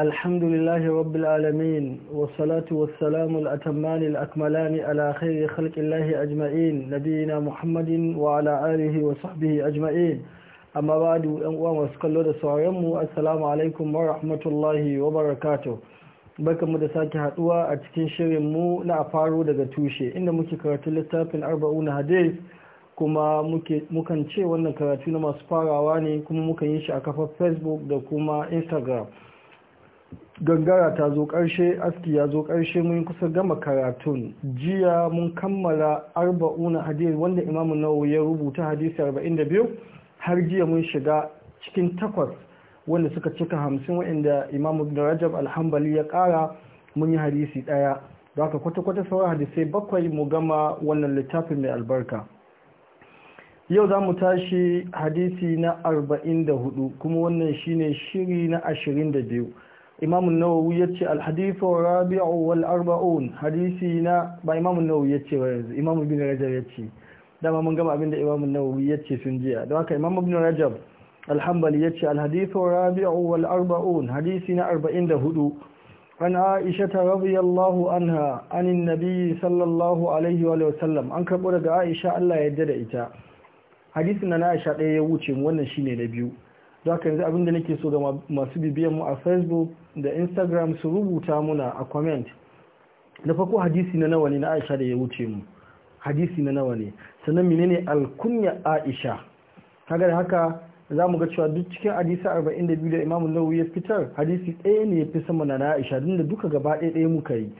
الحمد لله رب العالمين والصلاة والسلام الأتمان الأكملان على خير خلق الله أجمعين نبينا محمد وعلى آله وصحبه أجمعين أما بعد أنواع وسكالو da السلام عليكم alaikum wa وبركاته baka mu da sake haduwa a cikin shirin mu na faro daga tushe inda muke karatu littafin arba'una hadith kuma mukan ce wannan karatu na masu farawa ne kuma muka yi shi a kafar facebook da kuma instagram gangara ta zo ƙarshe aski ya zo ƙarshe mun kusa gama karatun jiya mun kammala arba'una hadis wanda imamu nawawi ya rubuta hadisi arba'in da biyu har jiya mun shiga cikin takwas wanda suka cika hamsin wa'inda imamu da rajab alhambali ya ƙara mun yi hadisi ɗaya da aka kwata-kwata sauran hadisai bakwai mu gama wannan littafin mai albarka yau za mu tashi hadisi na arba'in da hudu kuma wannan shine shiri na ashirin da biyu imam an-nawawi yace al-hadith rabi'u wal arba'un hadisi na ba imam an-nawawi yace ba yanzu imam ibn rajab ce dama mun gama abinda imam an ya ce sun jiya don haka imam ibn rajab al-hanbali yace al rabi'u wal arba'un hadisi na 44 an aisha radiyallahu anha anin nabi sallallahu alaihi wa sallam an karbo daga aisha Allah ya yarda da ita hadisin na aisha ɗaya ya wuce wannan shine na biyu za ka yanzu abinda nake so ga masu bibiyan mu a facebook da instagram su rubuta muna a comment na farko hadisi na nawa ne na aisha da ya wuce mu hadisi na nawa ne sannan menene alkunya aisha kaga da haka za mu ga cewa duk cikin hadisi 42 da imamu nawawi ya fitar hadisi ɗaya ne ya fi sama na aisha din da duka gaba ɗaya muka yi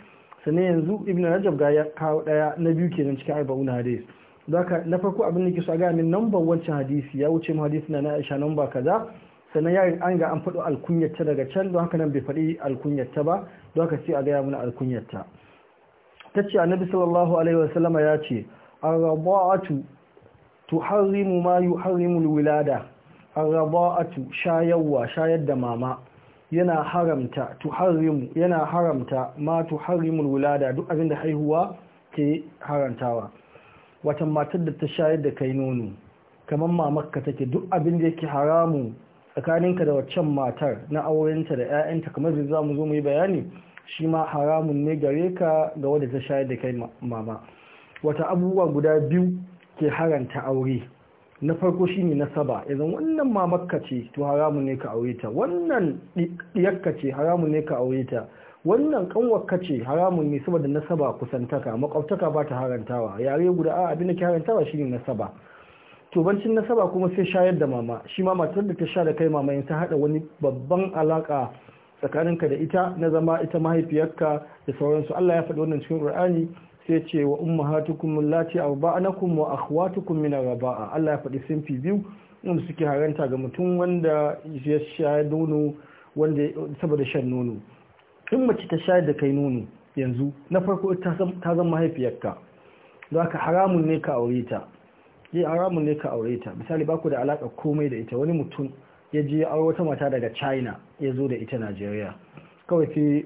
sannan yanzu ibn rajab ga ya kawo ɗaya na biyu kenan cikin arba'un hadis zaka na farko abin da ke so a gaya min namban wancan hadisi ya wuce mu hadisi na Aisha namba kaza sannan ya an ga an faɗo alkunyarta daga can don haka nan bai faɗi alkunyarta ba don haka sai a gaya mana alkunyarta ta ce annabi sallallahu alaihi wasallam ya ce arraba'atu tuharrimu ma yuharrimu alwilada arraba'atu shayarwa shayar da mama yana haramta tuharrimu yana haramta ma tuharrimu alwilada duk abin da haihuwa ke harantawa wata matar da ta shayar da kai nono kamar mamakka take duk abin da yake haramu tsakaninka da waccan matar na aurenta da 'ya'yanta kamar da za mu zo mu yi bayani shi ma haramun ne gare ka ga wadda ta shayar da kai mama wata abubuwa guda biyu ke haranta aure na farko shi shine nasaba idan wannan mamakka ce to haramun ne ka aure ta wannan diyakka ce haramun ne ka aure ta wannan kanwarka ce haramun ne saboda nasaba kusantaka makwabtaka ba ta harantawa yare guda a abin da ke harantawa shine nasaba to nasaba kuma sai shayar da mama shi ma matar da ta sha da kai mama ta hada wani babban alaka tsakanin ka da ita na zama ita mahaifiyarka da sauransu Allah ya faɗi wannan cikin Qur'ani sai ce wa ummahatukum allati arba'anakum wa akhwatukum min arba'a Allah ya faɗi sinfi biyu wanda suke haranta ga mutum wanda ya sha nono wanda saboda shan nono in mace ta shayar da kai nono yanzu na farko ta zama mahaifiyarka za ka haramun ne ka aure ta yi eh, haramun ne ka aure ta misali ba ku da alaƙa komai da ita wani mutum ya je aure wata mata daga china ya zo da ita najeriya kawai sai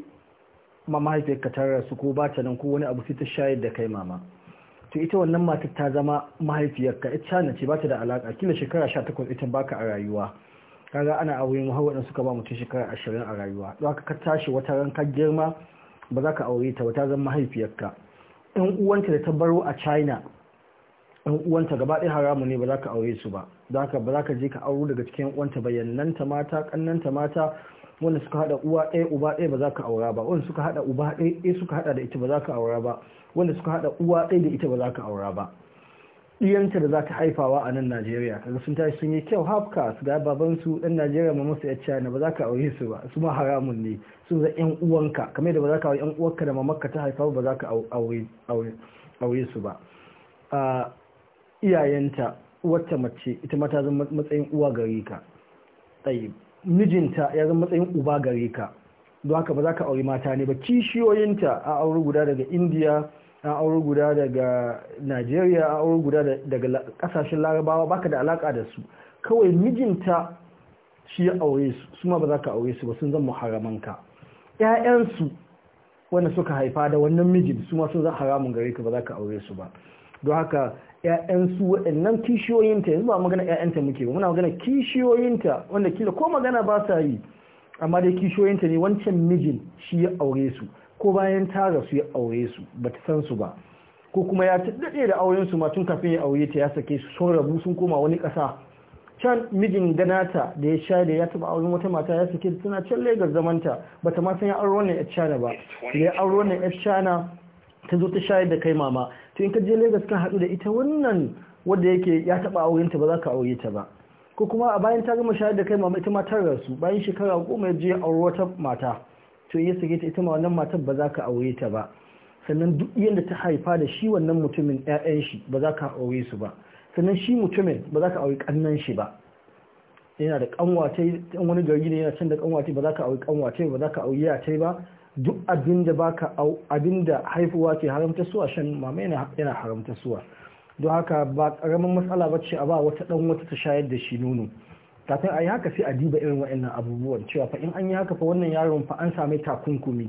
mahaifiyarka ta rasu ko ba ta nan ko wani abu sai ta shayar da kai mama to ita wannan matar ta zama mahaifiyarka ita ce ba ta da alaƙa kila shekara 18 ita baka a rayuwa kaga ana aure mu har suka ba mutum shekara ashirin a rayuwa don haka ka tashi wata ran ka girma ba za ka aure ta ba ta zama mahaifiyarka ɗan uwanta da ta baro a china ɗan uwanta gaba ɗaya haramu ne ba za ka aure su ba za ka ba za ka je ka aure daga cikin uwanta bayyananta mata ƙannanta mata wanda suka haɗa uwa ɗaya uba ɗaya ba za ka aura ba wanda suka haɗa uba ɗaya suka haɗa da ita ba za ka aura ba wanda suka haɗa uwa ɗaya da ita ba za ka aura ba iyanta da za ta haifawa a nan najeriya kaga sun tashi sun yi kyau hafka su ga babansu ɗan najeriya ma musu yacca na ba za ka aure su ba su ma haramun ne sun za yan uwanka kamar da ba za ka yan uwanka da mamarka ta haifa ba za ka aure su ba iyayenta wata mace ita ma ta matsayin uwa gare ka mijinta ya zama matsayin uba gare ka don haka ba za ka aure mata ne ba kishiyoyinta a aure guda daga indiya a aure guda daga najeriya a aure guda daga kasashen larabawa baka da alaka da su kawai mijinta shi ya aure su su ma ba za ka aure su ba sun zan muharamanka ƴaƴansu wanda suka haifa da wannan mijin su ma sun zan haramun gare ka ba za ka aure su ba don haka ‘ya'yansu waɗannan kishiyoyinta yanzu ba magana ‘ya'yanta muke ba muna magana kishiyoyinta wanda kila ko magana ba sa yi amma dai kishiyoyinta ne wancan mijin shi ya aure su ko bayan ta rasu ya aure su ba ta san su ba ko kuma ya daɗe da auren su ma tun kafin ya aure ta ya sake su sun rabu sun koma wani ƙasa can mijin ganata da ya sha da ya taɓa auren wata mata ya sake tana can legas zamanta ba ta ma san ya aure wannan yar cana ba da ya aure wannan yar ta zo ta sha da kai mama to in ka je legas kan haɗu da ita wannan wanda yake ya taɓa auren ta ba za ka aure ta ba ko kuma a bayan ta gama shayar da kai mama ita ma ta rasu bayan shekara goma ya je aure wata mata to ya sake ta ita ma wannan matar ba za ka aure ta ba sannan duk yadda ta haifa da shi wannan mutumin 'ya'yan shi ba za ka aure su ba sannan shi mutumin ba za ka aure kannan shi ba yana da kanwatai ɗan wani gari ne yana can da kanwatai ba za ka aure kanwatai ba za ka aure ta ba duk abinda abin da haifuwa ke haramta suwa shan mama yana haramta suwa don haka ba karamin matsala ba ce a ba wata dan wata ta shayar da shi nono kafin a yi haka sai a diba irin wa'annan abubuwan cewa fa in an yi haka fa wannan yaron fa an same takunkumi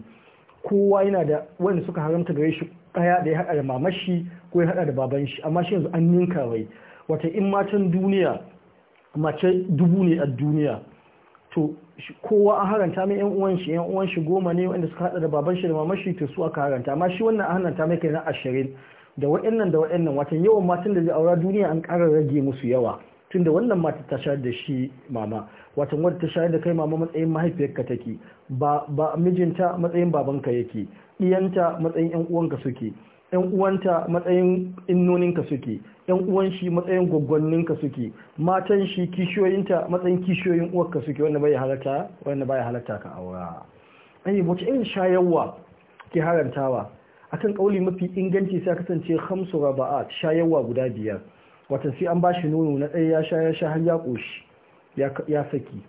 kowa yana da wanda suka haramta gare shi daya da ya hada da mamashi ko ya hada da baban shi amma shi yanzu an ninka bai wata in matan duniya mace dubu ne a duniya to kowa an haranta mai yan uwan shi yan uwan shi goma ne wanda suka hada da baban shi da mamashi to su aka haranta amma shi wannan an haranta mai kai na ashirin da wa'annan da wa'annan watan yawan matan da zai aura duniya an ƙara rage musu yawa tunda wannan mata ta shayar da shi mama watan wadda ta shayar da kai mama matsayin mahaifiyarka take ba ba mijinta matsayin babanka yake iyanta matsayin yan uwanka suke yan uwanta matsayin innoninka suke yan uwan shi matsayin gwaggwanninka suke matan shi kishiyoyinta matsayin kishiyoyin uwarka suke wanda bai wanda bai halarta ka aura ai wace irin shayarwa ke harantawa akan kauli mafi inganci sai kasance khamsu raba'at shayarwa guda biyar wata sai an bashi nono na ɗaya ya sha ya sha har ya ƙoshi ya saki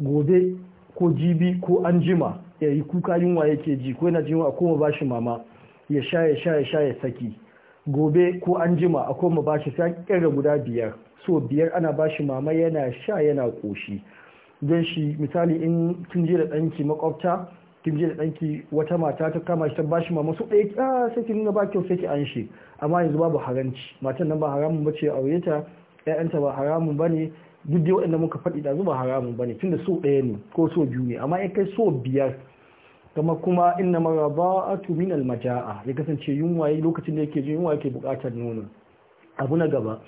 gobe ko jibi ko an jima ya yi kuka yunwa yake ji ko yana jima a koma bashi mama ya sha ya sha ya sha ya saki gobe ko an jima a koma bashi sai an guda biyar so biyar ana bashi mama yana sha yana ƙoshi don shi misali in kin je da ɗanki makwabta kin je da danki wata mata ta kama shi ta bashi mama su ɗaya ah sai ki nuna ba kyau sai ki an shi amma yanzu babu haranci matan nan ba haramun bace aure ta ƴaƴanta ba haramun bane duk dai waɗanda muka faɗi da zuba haramun bane tunda so ɗaya ne ko so biyu ne amma in kai so biyar kama kuma inna a tumin almaja'a ya kasance yunwa lokacin da yake jin yunwa ke buƙatar nono abu na gaba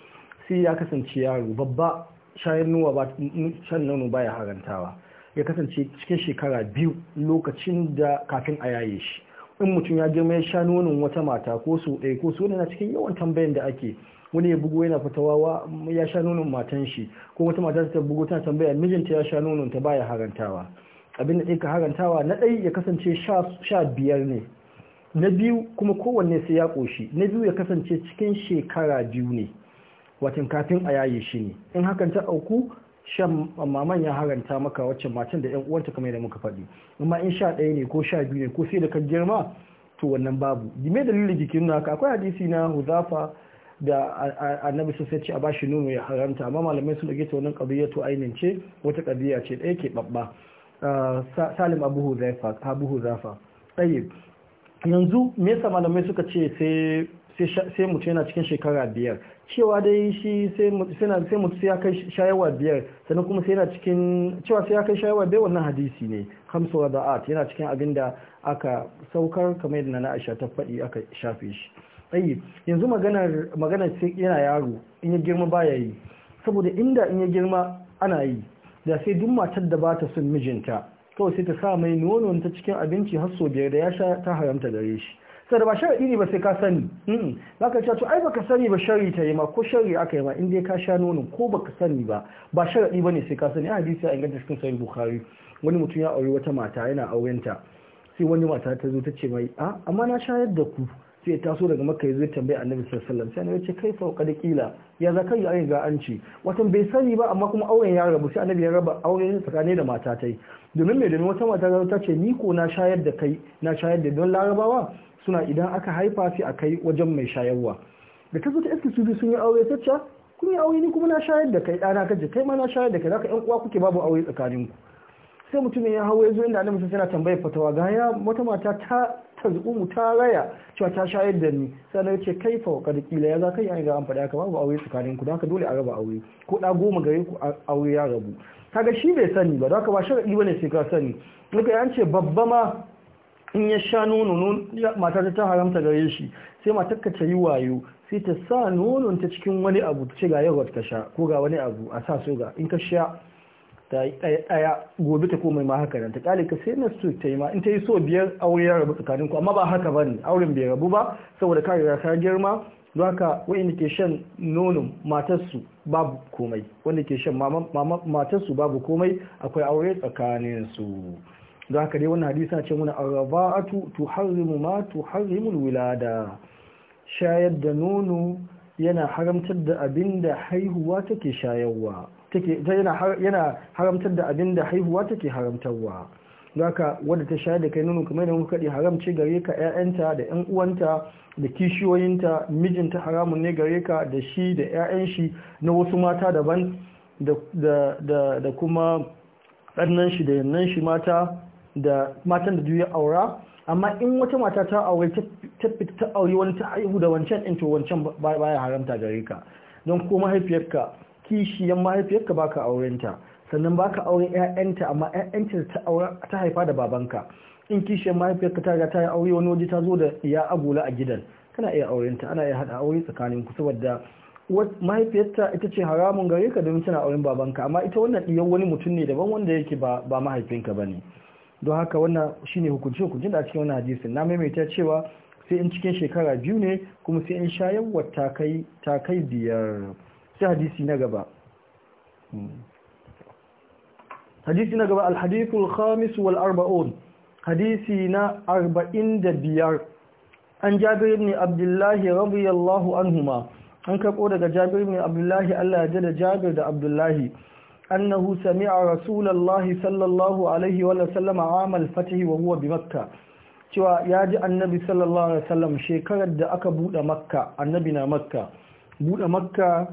sai ya kasance yaro babba shayar nuwa ba shan nono baya harantawa ya kasance cikin shekara biyu lokacin da kafin a yaye shi in mutum ya girma ya sha nonon wata mata ko su ɗaya ko su na cikin yawan tambayan da ake wani ya bugo yana fitawa ya sha nonon matan shi ko wata mata ta bugo tana tambaya mijinta ya sha nonon ta baya harantawa abin da ɗinka harantawa na ɗai ya kasance sha biyar ne na biyu kuma kowanne sai ya ƙoshi na biyu ya kasance cikin shekara biyu ne watan kafin a yaye shi ne in hakan ta auku shan maman ya haranta maka waccan matan da yan uwanta kamar yadda muka faɗi amma in sha ɗaya ne ko sha biyu ne ko sai da ka girma to wannan babu me dalilin jikin haka akwai hadisi na huzafa da annabi sun sai ce a bashi nono ya haranta amma malamai sun dage ta wannan qadiyya to ainihin ce wata qadiyya ce ɗaya ke babba salim abu huzafa abu huzafa yanzu me yasa malamai suka ce sai sai mutum yana cikin shekara biyar cewa dai shi sai mutu sai ya kai shayawa biyar sannan kuma sai yana cikin cewa sai ya kai shayawa biyar wannan hadisi ne hamsawa da art yana cikin abin da aka saukar kamar yadda na aisha ta faɗi aka shafe shi ayi yanzu maganar maganar sai yana yaro in ya girma ba ya yi saboda inda in ya girma ana yi da sai duk matar da ba ta son mijinta kawai sai ta sa mai nonon ta cikin abinci har sau biyar da ya sha ta haramta gare shi sai ba shari'a ne ba sai ka sani hmm. za ka to ai baka sani ba shari'a ta yi ma ko shari'a aka yi ma inda ka sha nonon ko baka sani ba ba shari'i ba ne sai ka sani a hadisi a inganta cikin sahih bukhari wani mutum ya aure wata mata yana aurenta sai wani mata ta zo ta ce mai a ah, amma na shayar da ku sai taso daga makka ya zo tambayi annabi sallallahu alaihi wasallam sai ya ce kai fa kada kila ya za kai ai ga an ce watan bai sani ba amma kuma auren ya rabu sai annabi ya raba auren tsakanin da mata tai domin mai domin wata mata ta ce ni ko na shayar da kai na shayar da don larabawa suna idan aka haifa sai a kai wajen mai shayarwa da ta zo ta iske su sun yi aure ta kun yi aure ni kuma na shayar da kai ɗana kaje kai ma na shayar da kai zaka ƴan uwa kuke babu aure ku sai mutumin ya hawo ya zo inda annabi sai yana tambayar fatawa ga ya wata mata ta mu ta raya cewa ta shayar da ni sai na ce kai fa kad kila ya zaka yi ga an faɗa ka babu aure tsakanin ku haka dole a raba aure ko da goma gare ku aure ya rabu kaga shi bai sani ba haka ba sharadi bane sai ka sani duka yance ce babba ma in ya sha nono mata ta haramta gare shi sai matar ka ta yi wayo sai ta sa nonon ta cikin wani abu ta ce ga yogurt ka sha ko ga wani abu a sa soga in ka sha ta yi ɗaya gobe ta komai ma haka nan ta kale ka sai na so ta yi ma in ta yi so biyar aure ya rabu tsakanin ku amma ba haka ba ne auren bai rabu ba saboda kare ya ka girma don haka wa'inda ke shan nonon matarsu babu komai wanda ke shan matarsu babu komai akwai aure tsakaninsu don haka dai wannan hadisa ce muna arraba'atu tuharrimu ma tuharrimul wilada shayar da nono yana haramtar da abin da haihuwa take shayarwa yana haramtar da abin da haihuwa take haramtarwa don haka wadda ta shayar da kai nono kamar da muka haram haramci gare ka 'ya'yanta da yan uwanta da kishiyoyinta mijinta haramun ne gare ka da shi da 'ya'yan shi na wasu mata daban da da kuma ɗannan shi da yannan shi mata da matan da juya aura amma in wata mata ta aure ta aure wani ta haihu da wancan ɗin to wancan baya haramta gare ka don ko mahaifiyarka kishiyan mahaifiyarka baka aurenta sannan baka aure ƴaƴanta amma ƴaƴanta ta ta haifa da babanka in kishiyan mahaifiyarka ta riga ta aure wani waje ta zo da ya agula a gidan kana iya aurenta ana iya hada aure tsakanin ku saboda mahaifiyarta ita ce haramun gare ka domin tana auren babanka amma ita wannan ɗiyar wani mutum ne daban wanda yake ba mahaifinka ba ne don haka wannan shine hukunci hukuncin da a cikin wannan hadisin na maimaita cewa sai in cikin shekara biyu ne kuma sai in shayarwa ta kai biyar sai hadisi na gaba hmm. hadisi na gaba alhadithul khamis wal arba'un hadisi na arba'in da biyar an jabir ne abdullahi an huma an karɓo daga jabir ne abdullahi allah ya jada jabir da abdullahi أنه سمع رسول الله صلى الله عليه وسلم عام الفتح وهو بمكة cewa ya ji annabi sallallahu alaihi wasallam shekarar da aka bude makka annabi na makka Bude makka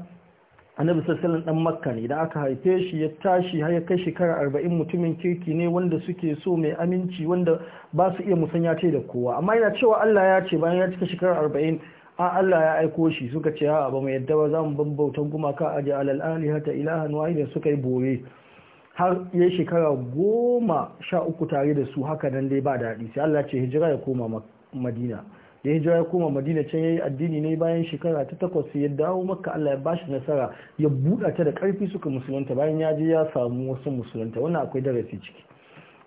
annabi sallallahu alaihi dan makka ne idan aka haife shi ya tashi har ya kai shekarar arba'in mutumin kirki ne wanda suke so mai aminci wanda ba su iya musanya ce da kowa amma yana cewa Allah ya ce bayan ya cika shekarar arba'in a Allah ya aiko shi suka ce a ba mu yadda ba za mu bambautan gumaka a ji alal'ali hata ilahan da suka yi bore har ya shekara goma sha uku tare da su haka nan dai ba daɗi sai Allah ce hijira ya koma madina da hijira ya koma madina can ya yi addini ne bayan shekara ta takwas ya dawo maka Allah ya bashi nasara ya buɗa ta da ƙarfi suka musulunta bayan ya je ya samu wasu musulunta wannan akwai darasi ciki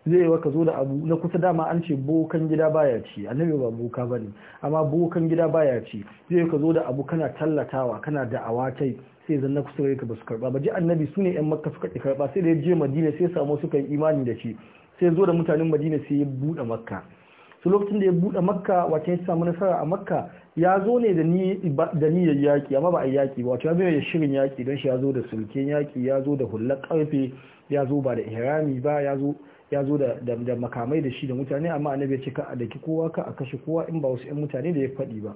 zai waka zo da abu na kusa dama an ce bokan gida baya ci annabi ba boka bane amma bokan gida baya ci zai ka zo da abu kana tallatawa kana da awatai sai zan na kusa ka ba su karba ba annabi su ne yan makka suka ki karba sai da ya je madina sai samu suka yi imani da shi sai zo da mutanen madina sai ya buɗe makka su lokacin da ya buɗe makka wace ya samu nasara a makka ya zo ne da niyyar yaƙi amma ba a yaƙi ba wato ya zo shirin yaki don shi ya zo da sulken yaƙi ya zo da hullar karfe ya zo ba da ihrami ba ya zo ya zo da makamai da shi da mutane amma annabi ya ce ka a daki kowa ka a kashe kowa in ba wasu 'yan mutane da ya fadi ba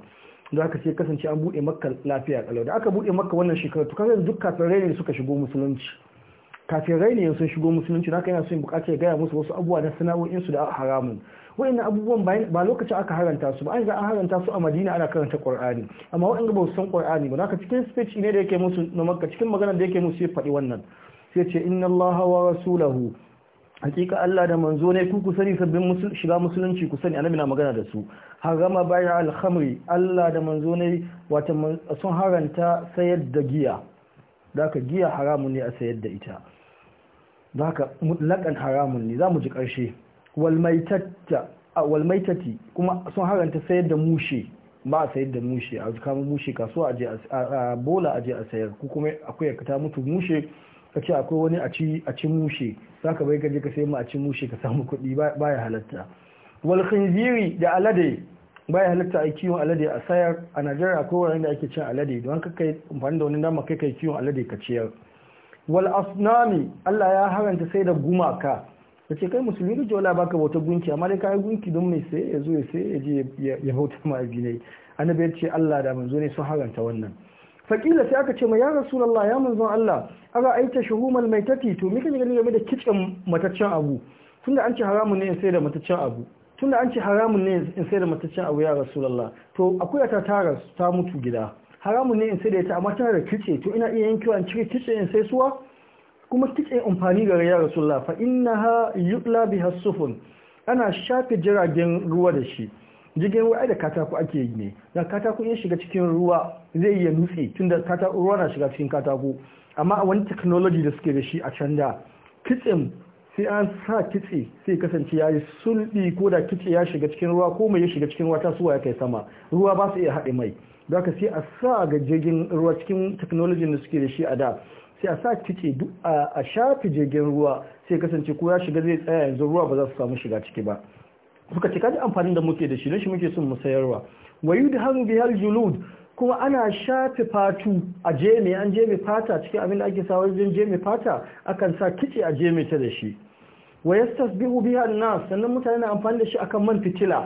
da aka ce kasance an buɗe makka lafiya kalau da aka buɗe maka wannan shekara to yanzu duk kafirai ne suka shigo musulunci kafin kafirai ne sun shigo musulunci na yana son bukaci ya gaya musu wasu abubuwa na sana'o'in su da haramun wa'in abubuwan ba lokacin aka haranta su ba an an haranta su a Madina ana karanta Qur'ani amma wa'in ba su san Qur'ani ba naka cikin speech ne da yake musu na makka cikin magana da yake musu ya faɗi wannan sai ce inna Allah wa rasulahu hakika Allah da manzo ne ku kusani sabbin shiga musulunci ku sani annabi na magana da su harama bai al-khamri Allah da manzo ne wato sun haranta sayar da giya daka giya haramun ne a sayar da ita daka mutlaqan haramun ne zamu ji karshe wal maitatta wal maitati kuma sun haranta sayar da mushe ba a sayar da mushe a kama mushe kasuwa je a bola je a sayar ku kuma akwai ka ta mutu mushe ka ce akwai wani a ci mushe za ka bai gaje ka sai mu a ci mushe ka samu kuɗi ya halatta wal khinziri da alade ba ya halatta a kiwon alade a sayar a najeriya akwai wani da ake cin alade don ka kai amfani da wani dama kai kai kiwon alade ka ciyar wal asnami Allah ya haranta sai da gumaka da ce kai musulmi da jola ka bauta gunki amma dai kayan gunki don mai sai ya zo ya sai ya je ya bauta ma abinai annabi ya ce Allah da manzo ne sun haranta wannan Fakila sai aka ce ma ya rasulallah ya manzon Allah aga aita shuhumal maitati to me kake gani game da kicin mataccen abu tunda an ce haramun ne in sai da mataccen abu tunda an ce haramun ne in sai da mataccen abu ya rasulallah to akwai ta tara ta mutu gida haramun ne in sai da ita amma tana da kice to ina iya yin kiwa in cire kice in sai suwa kuma kice amfani ga ya rasulullah fa innaha yuqla biha sufun ana shafe jiragen ruwa da shi jirgin ruwa ai da katako ake yi ne da katako ya shiga cikin ruwa zai iya nutse tunda katako ruwa na shiga cikin katako amma a wani technology da suke da shi a can da kitsin sai an sa kitse sai kasance ya yi sulɗi ko da kitse ya shiga cikin ruwa ko mai ya shiga cikin ruwa suwa ya kai sama ruwa ba su iya haɗe mai da ka sai a sa ga jirgin ruwa cikin technology da suke da shi a da sai a sa kitse a shafi jirgin ruwa sai kasance ko ya shiga zai tsaya yanzu ruwa ba za su samu shiga ciki ba suka cika kaji amfanin da muke da shi don shi muke son mu wayu da hannu biyar julud kuma ana shafe fatu a jeme an jeme fata cikin abin da ake sa wajen jeme fata akan sa kici a jeme ta da shi biyu biyu biha nas sannan mutane na amfani da shi akan man fitila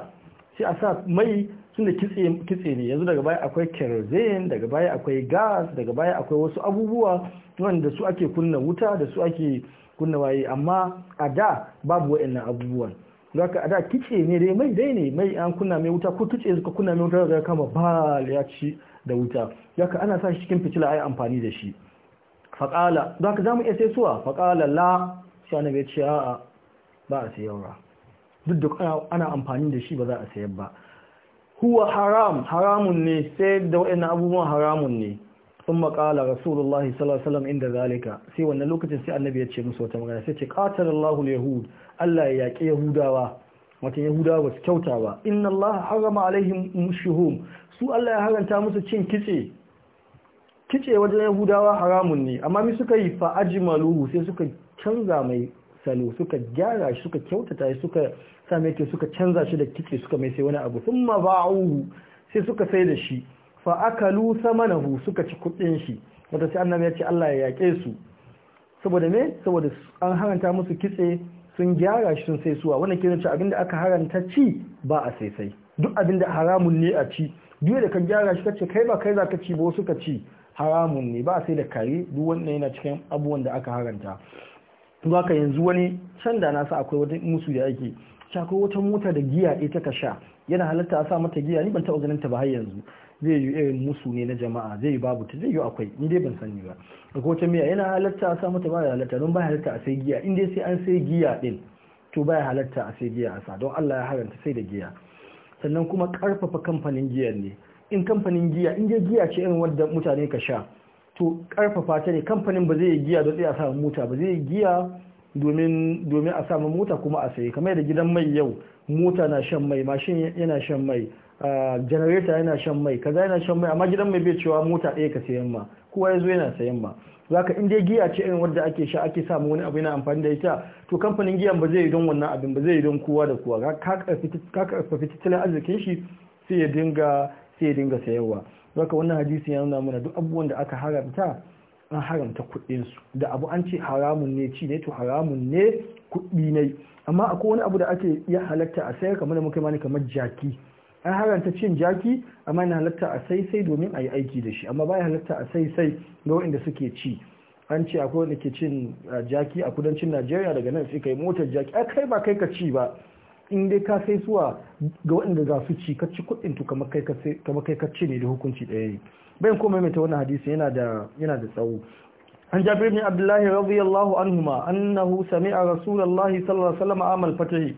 sai a sa mai suna kitse kitse ne yanzu daga baya akwai kerosene daga baya akwai gas daga baya akwai wasu abubuwa wanda su ake kunna wuta da su ake kunna waye amma a da babu waɗannan abubuwan zaka da kice ne dai mai dai ne mai an kunna mai wuta ko tuce suka kunna mai wuta zaka kama bal ya ci da wuta zaka ana sa shi cikin fitila ai amfani da shi faqala zaka zamu iya sai suwa faqala la shi annabi ya ce a ba a sayarwa duk da ana amfani da shi ba za a sayar ba huwa haram haramun ne sai da waɗannan abubuwan haramun ne ثم قال رسول الله صلى الله عليه وسلم عند ذلك سي wannan lokacin sai annabi ya ce musu wata magana sai ce qatalallahu alyahud Allah ya yaki yahudawa wata yahudawa ba su kyauta ba inna Allah harama alaihim su Allah ya haranta musu cin kitse kitse wajen yahudawa haramun ne amma mi suka yi fa ajmaluhu sai suka canza mai salo suka gyara shi suka kyautata shi suka same suka canza shi da kitse suka mai sai wani abu thumma ba'uhu sai suka sai da shi fa aka lusa manahu suka ci kudin shi wata sai annabi ya ce Allah ya yake su saboda me saboda an haranta musu kitse sun gyara shi sun sai suwa wannan ke nuna abinda aka haranta ci ba a sai sai duk abinda haramun ne a ci duk da ka gyara shi kace kai ba kai zaka ci ba suka ka ci haramun ne ba sai da kare duk wannan yana cikin abubuwan da aka haranta to haka yanzu wani can da sa akwai wata musu da ake akwai wata mota da giya ɗaya ta ka sha yana halatta a sa mata giya ni ban taɓa ganin ta ba har yanzu zai yi irin musu ne na jama'a zai yi babu ta zai yi akwai in ban sani ba a wata miya yana halatta a sa mata ya halatta don baya halatta a sai giya in dai sai an sai giya din to ya halatta a sai giya a sa don Allah ya haranta sai da giya sannan kuma karfafa kamfanin giya ne in kamfanin giya in giya ce irin wadda mutane ka sha to karfafa ta ne kamfanin ba zai yi giya don a samu mota ba zai yi giya domin a samu mota kuma a sayi kamar da gidan mai yau mota na shan mai mashin yana shan mai generator yana shan mai kaza yana shan mai amma gidan mai bai cewa mota ɗaya ka sayan ma kowa ya zo yana sayan ma zaka in inda giya ce irin wadda ake sha ake samu wani abu yana amfani da ita to kamfanin giyan ba zai yi don wannan abin ba zai yi don kowa da kowa ka karfafi tattalin arzikin shi sai ya dinga sai ya dinga sayarwa ka wannan hadisi ya nuna mana duk abubuwan da aka haramta an haramta kuɗin su da abu an ce haramun ne ci ne to haramun ne kuɗi ne amma akwai wani abu da ake iya halatta a sayar kamar da muka mani kamar jaki an haranta cin jaki amma yana halatta a sai sai domin a yi aiki da shi amma baya halatta a sai sai ga waɗanda suke ci an ce akwai wanda ke cin jaki a kudancin najeriya daga nan sai kai motar jaki a kai ba kai ka ci ba in dai ka sai suwa ga waɗanda za su ci ka ci kuɗin to kamar kai ka ci ne da hukunci ɗaya ne bayan kuma maimaita wannan hadisi yana da tsawo an جابر بن abdullahi الله anhu ma عنهما أنه سمع رسول الله صلى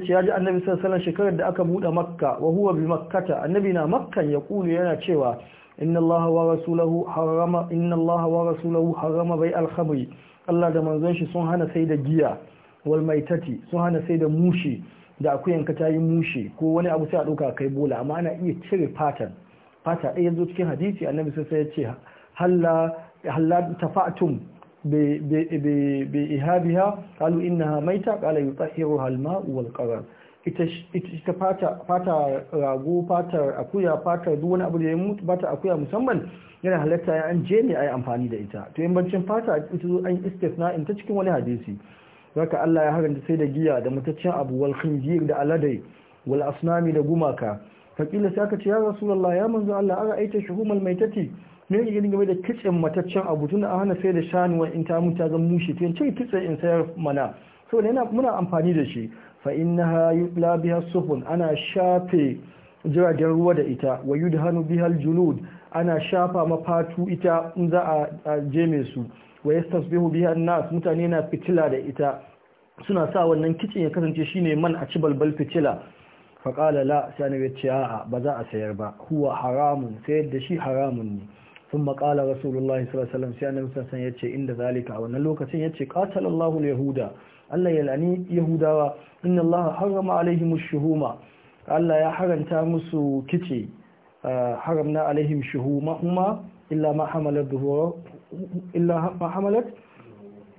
ce ya ji annabi sallallahu alaihi shekarar da aka buɗe makka wa huwa bi makkata annabi na makkan ya kulu yana cewa inna allaha wa rasulahu harama inna allaha wa rasulahu harama bai alkhamri Allah da manzon shi sun hana sai da giya wal maitati sun hana sai da mushi da akuyanka ta yi mushi ko wani abu sai a kai bola amma ana iya cire fatan fata ɗaya zo cikin hadisi annabi sai ya ce halla halla tafatum بإهابها قالوا إنها ميتة قال يطهرها الماء والقرار ita fata rago fatar akuya fatar duk wani abu da ya mutu fatar akuya musamman yana halatta ya an je ne ayi amfani da ita to 'yan bancin fata ita zo an istisna in ta cikin wani hadisi zaka Allah ya haranta sai da giya da mutaccen abu wal khinjir da aladai wal asnami da gumaka fakila sai ka ce ya rasulullah ya manzo Allah ara aita shuhumal maitati me yake gani game da kitsen mataccen abu tunda a hana sai da shanuwa in ta mutu ta zan mushe to kitsen in sayar mana saboda yana muna amfani da shi fa innaha yutla biha sufun ana shafe jiragen ruwa da ita wa yudhanu biha aljulud ana shafa mafatu ita in za a jeme su wa yastasbihu biha nas mutane na fitila da ita suna sa wannan kitchen ya kasance shine man a ci balbal fitila faƙala la sai ce a'a ba za a sayar ba huwa haramun sayar da shi haramun ne sun makala rasulullahi sallallahu sai annabi sassan ya ce inda zalika a wannan lokacin ya ce qatalallahu yahuda Allah ya lani yahudawa inna Allah harrama alaihim shuhuma Allah ya haranta musu kice haramna alaihim shuhuma huma illa ma hamalat zuhuru illa ma hamalat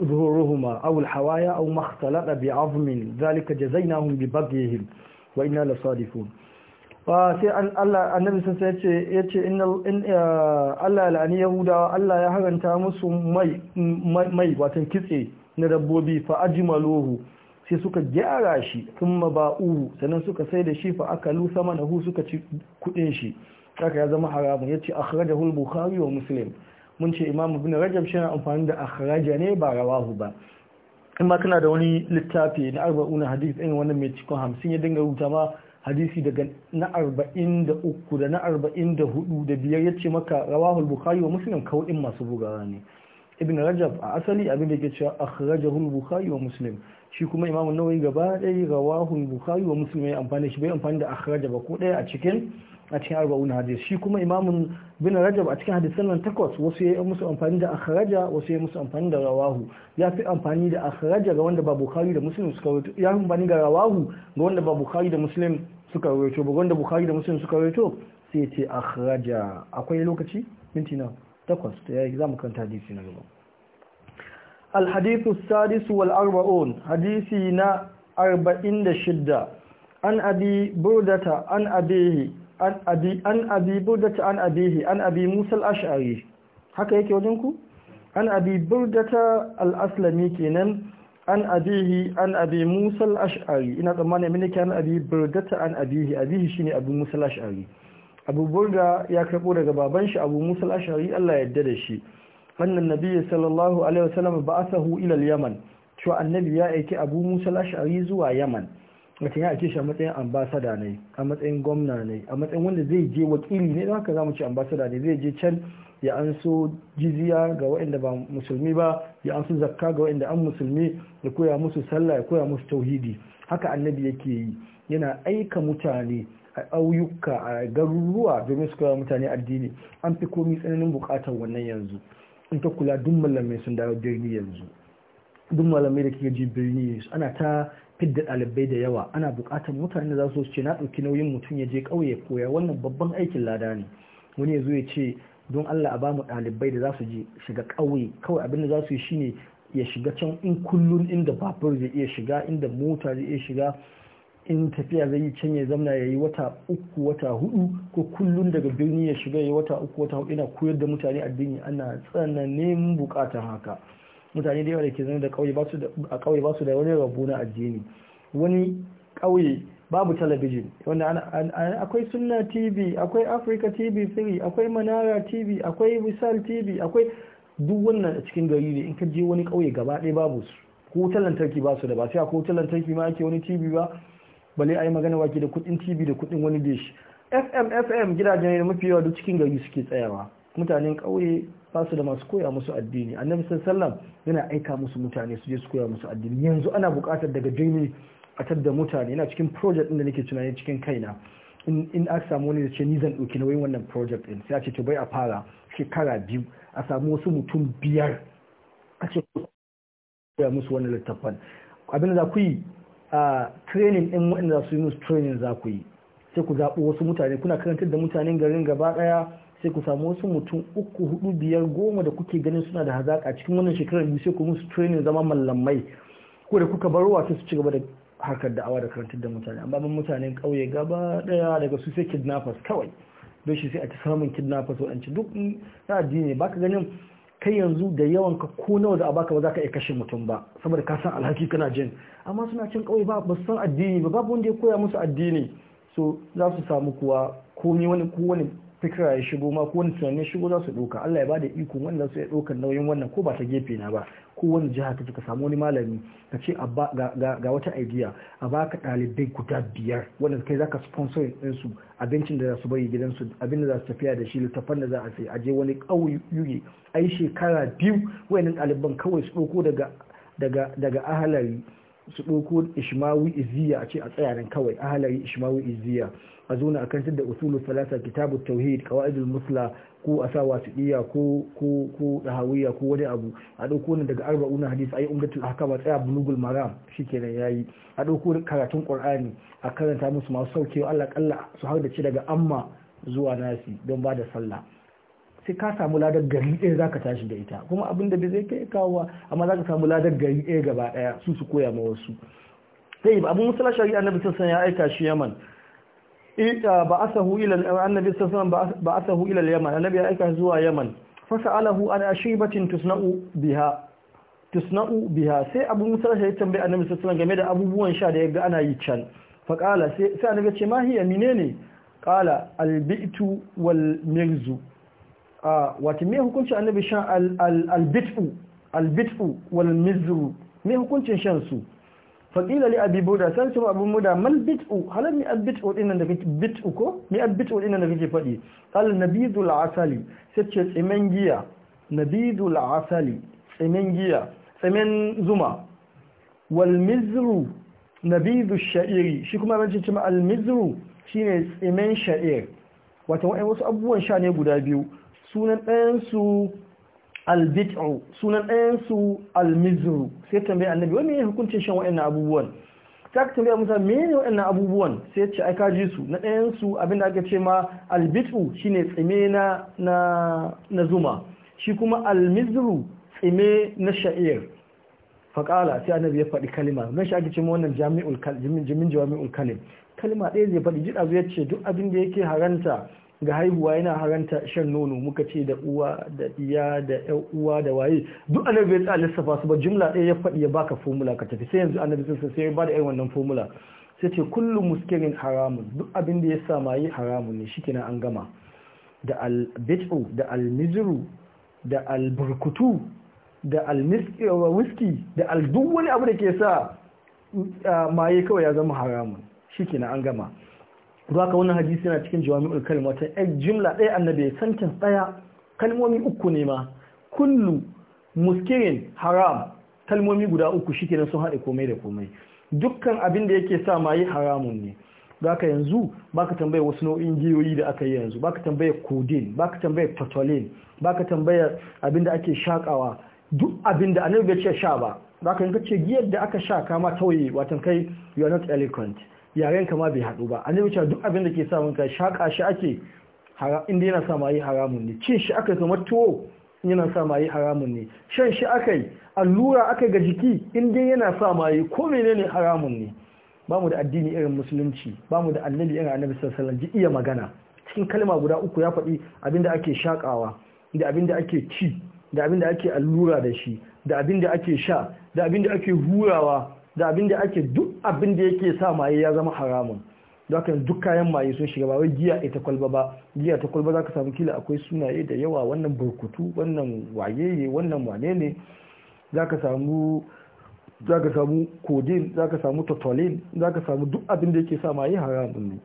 ظهورهما أو الحوايا أو ما اختلط بعظم ذلك جزيناهم ببغيهم وإنا لصادقون sai Allah annabi sun sai yace yace in Allah la'ani yahudawa Allah ya haranta musu mai mai watan kitse na dabbobi fa ajmaluhu sai suka gyara shi kuma ba uhu sannan suka sai da shi fa akalu samanahu suka ci kudin shi haka ya zama haramun yace akhrajahu al-bukhari wa muslim mun ce imamu ibn rajab shi amfani da akhraja ne ba rawahu ba in ma kana da wani littafi na arba'una hadith irin wannan mai cikin 50 ya dinga rubuta ma hadisi daga na 43 da na 44 da biyar ya ce maka rawahul bukhari wa muslim kawai masu bugawa ne ibn rajab a asali abin da ke cewa akhrajahul bukhari wa muslim shi kuma imamu nawawi gaba ɗaya rawahul bukhari wa muslim ya amfani shi bai amfani da akhraja ba ko ɗaya a cikin a cikin arba'un hadis shi kuma imamun bin rajab a cikin hadisan nan takwas wasu ya yi musu amfani da akaraja wasu ya yi musu amfani da rawahu ya fi amfani da akaraja ga wanda ba bukhari da muslim suka rawaito ya fi amfani ga rawahu ga wanda ba bukhari da muslim suka rawaito ba wanda bukhari da muslim suka rawaito sai ce akaraja akwai lokaci minti na takwas ta yayi zamu karanta hadisi na gaba الحديث السادس والأربعون حديثنا أربعين شدة عن أبي بردة عن أبيه an abi an burdata an abihi an abi musa al-ash'ari haka yake wajen ku an abi burdata al kenan an abihi an abi musa al ina tsammanin mene ke an abi burdata an abihi abihi shine abu musa al-ash'ari abu burda ya karbo daga baban shi abu musa al-ash'ari Allah ya yarda da shi wannan nabiyyi sallallahu alaihi wasallam ba'athahu ila al-yaman cewa annabi ya aiki abu musa al-ash'ari zuwa yaman mutum ya ake shi a matsayin ambasada ne a matsayin gwamna ne a matsayin wanda zai je wakili ne don haka za mu ce ambasada ne zai je can ya an so jiziya ga waɗanda ba musulmi ba ya an so zakka ga waɗanda an musulmi ya koya musu sallah ya koya musu tauhidi haka annabi yake yi yana aika mutane a auyuka a garuruwa domin su koya mutane addini an fi komi tsananin bukatar wannan yanzu in ta kula duk malamai sun dawo birni yanzu duk malamai da kike ji birni ana ta fidda ɗalibai da yawa ana buƙatar mutane da za su ce na ɗauki nauyin mutum ya je ƙauye koya wannan babban aikin lada ne wani ya zo ya ce don Allah a bamu ɗalibai da za su je shiga ƙauye kawai abin da za su yi shine ya shiga can in kullum inda babur zai iya shiga inda mota zai iya shiga in tafiya zai yi can ya zamna ya yi wata uku wata hudu ko kullum daga birni ya shiga ya yi wata uku wata hudu ina koyar da mutane addini ana tsananin buƙatar haka mutane da yawa da ke zama da kauye kauye ba su da wani rabu na addini wani kawai babu talabijin wanda akwai sunna tv akwai africa tv 3 akwai manara tv akwai misal tv akwai duk wannan a cikin gari ne in ka je wani kauye gaba ɗaya babu su ko wutar lantarki ba su da ba sai ko wutar lantarki ma ake wani tv ba bale a yi magana wake da kuɗin tv da kuɗin wani dish fm fm gidajen mafi yawa duk cikin gari suke tsayawa mutanen ƙauye ba su da masu koya musu addini annabi sallallahu yana aika musu mutane su je su koya musu addini yanzu ana buƙatar daga dini a tadda mutane yana cikin project ɗin da nake tunani cikin kaina in aka samu wani da ce ni zan ɗauki nauyin wannan project ɗin sai a ce to bai a fara shekara biyu a samu wasu mutum biyar a ce koya musu wannan littafan abin da za ku yi a training ɗin waɗanda za su yi musu training za ku yi sai ku zaɓo wasu mutane kuna karantar da mutanen garin gaba ɗaya sai ku samu wasu mutum uku hudu biyar goma da kuke ganin suna da hazaka cikin wannan shekarar biyu sai ku musu training zama mallamai ko da kuka bar wasu su ci gaba da harkar da'awa da karantar da mutane amma ban mutanen kauye gaba daya daga su sai kidnappers kawai don shi sai a ta samun kidnappers waɗanci duk na addini ba ka ganin kai yanzu da yawan ka ko nawa da abaka ba za ka iya kashe mutum ba saboda ka san alhaki kana jin amma suna cin kauye ba ba san addini ba babu wanda ya koya musu addini so za su samu kuwa komi wani ko wani fikira ya shigo ma ko wani tunanin shigo za su ɗauka Allah ya bada iko wanda su ya ɗaukar nauyin wannan ko ba ta gefe na ba ko wani jiha ta ka samu wani malami ka ce ga wata idea a baka ɗalibai guda biyar wanda kai za ka sponsor din su abincin da za su bari gidansu abin da za su tafiya da shi littafan da za a sai aje wani ƙauye ai shekara biyu wayannan ɗaliban kawai su ɗauko daga daga ahalari su ɗauko ishmawi iziya a ce a tsayarin kawai ahalari ishmawi iziya a zo na a kantar da usulu salasa kitabu tauhid kawaidul musla ko a sa wasu ko ko ko ko wani abu a dauko ne daga arba'una hadisi ayi a haka tsaya bulugul maram shikenan yayi a dauko karatun qur'ani a karanta musu masu saukewa Allah kalla su har da ci daga amma zuwa nasi don ba da sallah sai ka samu ladar gari ɗaya za ka tashi da ita kuma abin da zai kai kawowa amma za ka samu ladar gari ɗaya gaba ɗaya su su koya ma wasu sai abu musala shari'a na bisan ya aika shi yaman ba'athahu ila annabi sallallahu alaihi wasallam ba'athahu ila yaman annabi ya aika zuwa yaman fasa'alahu an ashibatin tusna'u biha tusna'u biha sai abu musa ya tambaye annabi sallallahu alaihi game da abubuwan sha da ga ana yi can fa qala sai sai annabi ce ma hiya ne ƙala albitu wal mirzu ah wato hukuncin annabi shan albitu albitu wal mizru me hukuncin shan su faƙila li abi buda san cewa abin buda mal bit'u halar mi abbit'u dinnan da kake bit'u ko mi abbit'u dinnan da kake faɗi al nabidul asali sai ce tsimen giya nabidul asali tsimen giya tsimen zuma wal mizru nabidu sha'iri shi kuma ran cin al mizru shine tsimen sha'ir wato wasu abubuwan sha ne guda biyu sunan ɗayan su albid'u sunan ɗayansu almizru sai tambaye annabi wani ya hukuncin shan wa'annan abubuwan ta ka tambaya musa mene wa'annan abubuwan sai ce ai kaji su na abin abinda aka ce ma albid'u shine tsime na zuma shi kuma almizru tsime na sha'ir faƙala sai annabi ya faɗi kalima don shi ake ce wannan jami'ul kalim jimin jami'ul kalim kalima ɗaya zai faɗi jiɗa zai ce duk abin da yake haranta ga haihuwa yana haranta shan nono muka ce da uwa da iya da yan uwa da waye duk annabi bai tsaya lissafa su ba jumla ɗaya ya faɗi ya baka fomula ka tafi sai yanzu annabi sun sai ya bada irin wannan fomula sai ce kullu muskirin haramun duk abin da ya samayi haramun ne shikenan an gama da al bitu da al-mizru da al-burkutu da al-whisky eh, da al duk wani abu da ke sa eh, maye kawai ya zama haramun shikenan an gama zaka wannan hadisi yana cikin jawami'ul kalma ta ɗan jimla ɗaya annabi santin tsaya kalmomi uku ne ma kullu muskirin haram kalmomi guda uku shi ke na sun haɗe komai da komai dukkan abin da yake sa yi haramun ne zaka yanzu baka tambaya wasu nau'in giyoyi da aka yi yanzu baka tambaya codeine baka tambaya totolin baka tambaya abin da ake shakawa duk abin da annabi ya ce sha ba zaka yanka ce giyar da aka sha kama tauye watan kai you are not eloquent yaren kama bai haɗu ba annabi cewa duk abin da ke sa ka shaƙa shi ake inda yana sa yi haramun ne cin shi aka kamar tuwo yana sa yi haramun ne shan shi aka yi allura aka ga jiki inda yana sa yi ko menene haramun ne ba mu da addini irin musulunci ba mu da annabi irin annabi sallallahu ji iya magana cikin kalma guda uku ya faɗi abinda ake shaƙawa, da abinda ake ci da abinda ake allura da shi da abinda ake sha da abinda ake hurawa da abin da ake duk abin da yake sa maye ya zama haramun dokan duk kayan maye sun shiga ba wai giya ita kwalba ba giya ta kwalba za ka samu kila akwai sunaye da yawa wannan burkutu wannan wayeye wannan wane ne ka samu kodin. Za ka samu totolin ka samu duk abin da yake sa maye haramun ne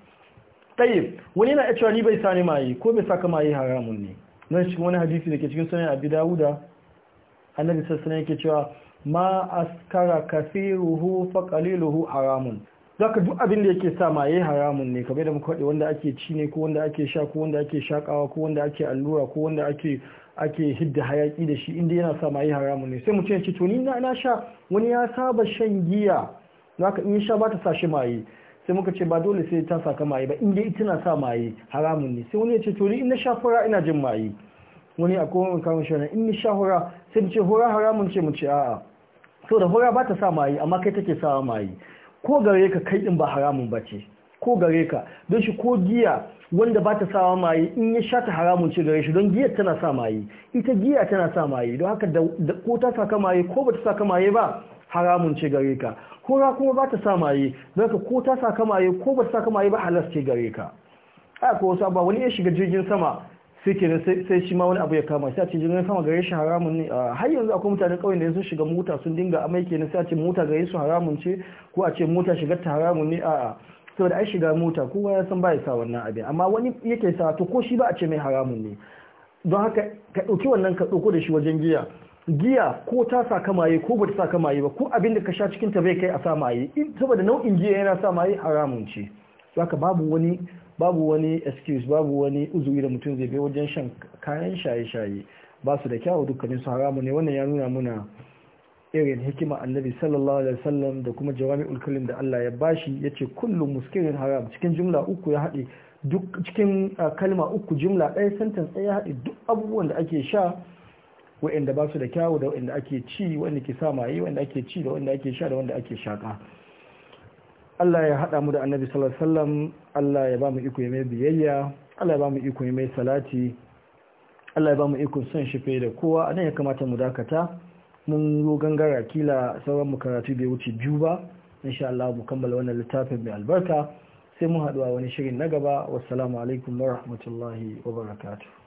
tayyib wani yana cewa ni bai sani maye ko bai saka maye haramun ne nan cikin wani hadisi da ke cikin sunan abi dawuda annabi sallallahu alaihi wasallam yake cewa ma askara kafiruhu fa qaliluhu haramun zaka duk abin da yake sa ma yayi haramun ne kamar da muka faɗi wanda ake ci ne ko wanda ake sha ko wanda ake shakawa ko wanda ake allura ko wanda ake ake hidda hayaki da shi inda yana sa ma yayi haramun ne sai mu ce to ni na sha wani ya saba shan giya zaka in sha ba ta sa shi maye sai muka ce ba dole sai ta saka maye ba inda ita na sa maye haramun ne sai wani ya ce to ni in na sha fura ina jin maye wani akwai wani kawo shi in sha hura sai mu ce hura haramun ce mu ce a'a so da hura ba ta sa mayi amma kai take sa mayi ko gare ka kai din ba haramun ba ce ko gare ka don shi ko giya wanda ba ta sa maye in ya sha ta haramun ce gare shi don giya tana sa maye ita giya tana sa mayi don haka da ko ta saka mayi ko ba ta saka mayi ba haramun ce gare ka hura kuma ba ta sa maye don haka ko ta saka mayi ko ba ta saka mayi ba halas ce gare ka haka wasu abuwa wani ya shiga jirgin sama sai ke sai shi ma wani abu ya kama sai a ce jirgin sama gare shi haramun ne har yanzu akwai mutane kawai da sun shiga mota sun dinga amai ke sai a ce mota gare su haramun ce ko a ce mota shiga ta haramun ne a'a saboda ai shiga mota kowa ya san bai sa wannan abin amma wani yake sa to ko shi ba a ce mai haramun ne don haka ka ɗauki wannan ka ɗauko da shi wajen giya giya ko ta sa kamaye ko bata sa kamaye ba ko abin da ka sha cikin ta bai kai a sa maye saboda nau'in giya yana sa maye haramun ce haka babu wani babu wani excuse babu wani uzuri da mutum zai bai wajen shan kayan shaye-shaye ba su da kyawu dukkanin su haramu ne wannan ya nuna muna irin hikima annabi sallallahu alaihi wasallam da kuma jawami'ul kalim da Allah ya bashi yace kullu muskirin haram cikin jumla uku ya haɗe duk cikin kalma uku jumla ɗaya sentence ɗaya ya haɗe duk abubuwan da ake sha wa'anda ba su da kyawu da wa'anda ake ci wa'anda ke sa maye wa'anda ake ci da wa'anda ake sha da wanda ake shaka Allah ya haɗa mu da annabi sallallahu alaihi wasallam Allah ya ba mu iko mai biyayya Allah ya ba mu iko mai salati Allah ya ba mu iko son shi fiye da kowa anan ya kamata mu dakata mun zo gangara kila sauran mu karatu bai wuce biyu ba insha Allah mu kammala wannan littafin mai albarka sai mun haɗu a wani shirin na gaba wassalamu alaikum wa rahmatullahi wa barakatuh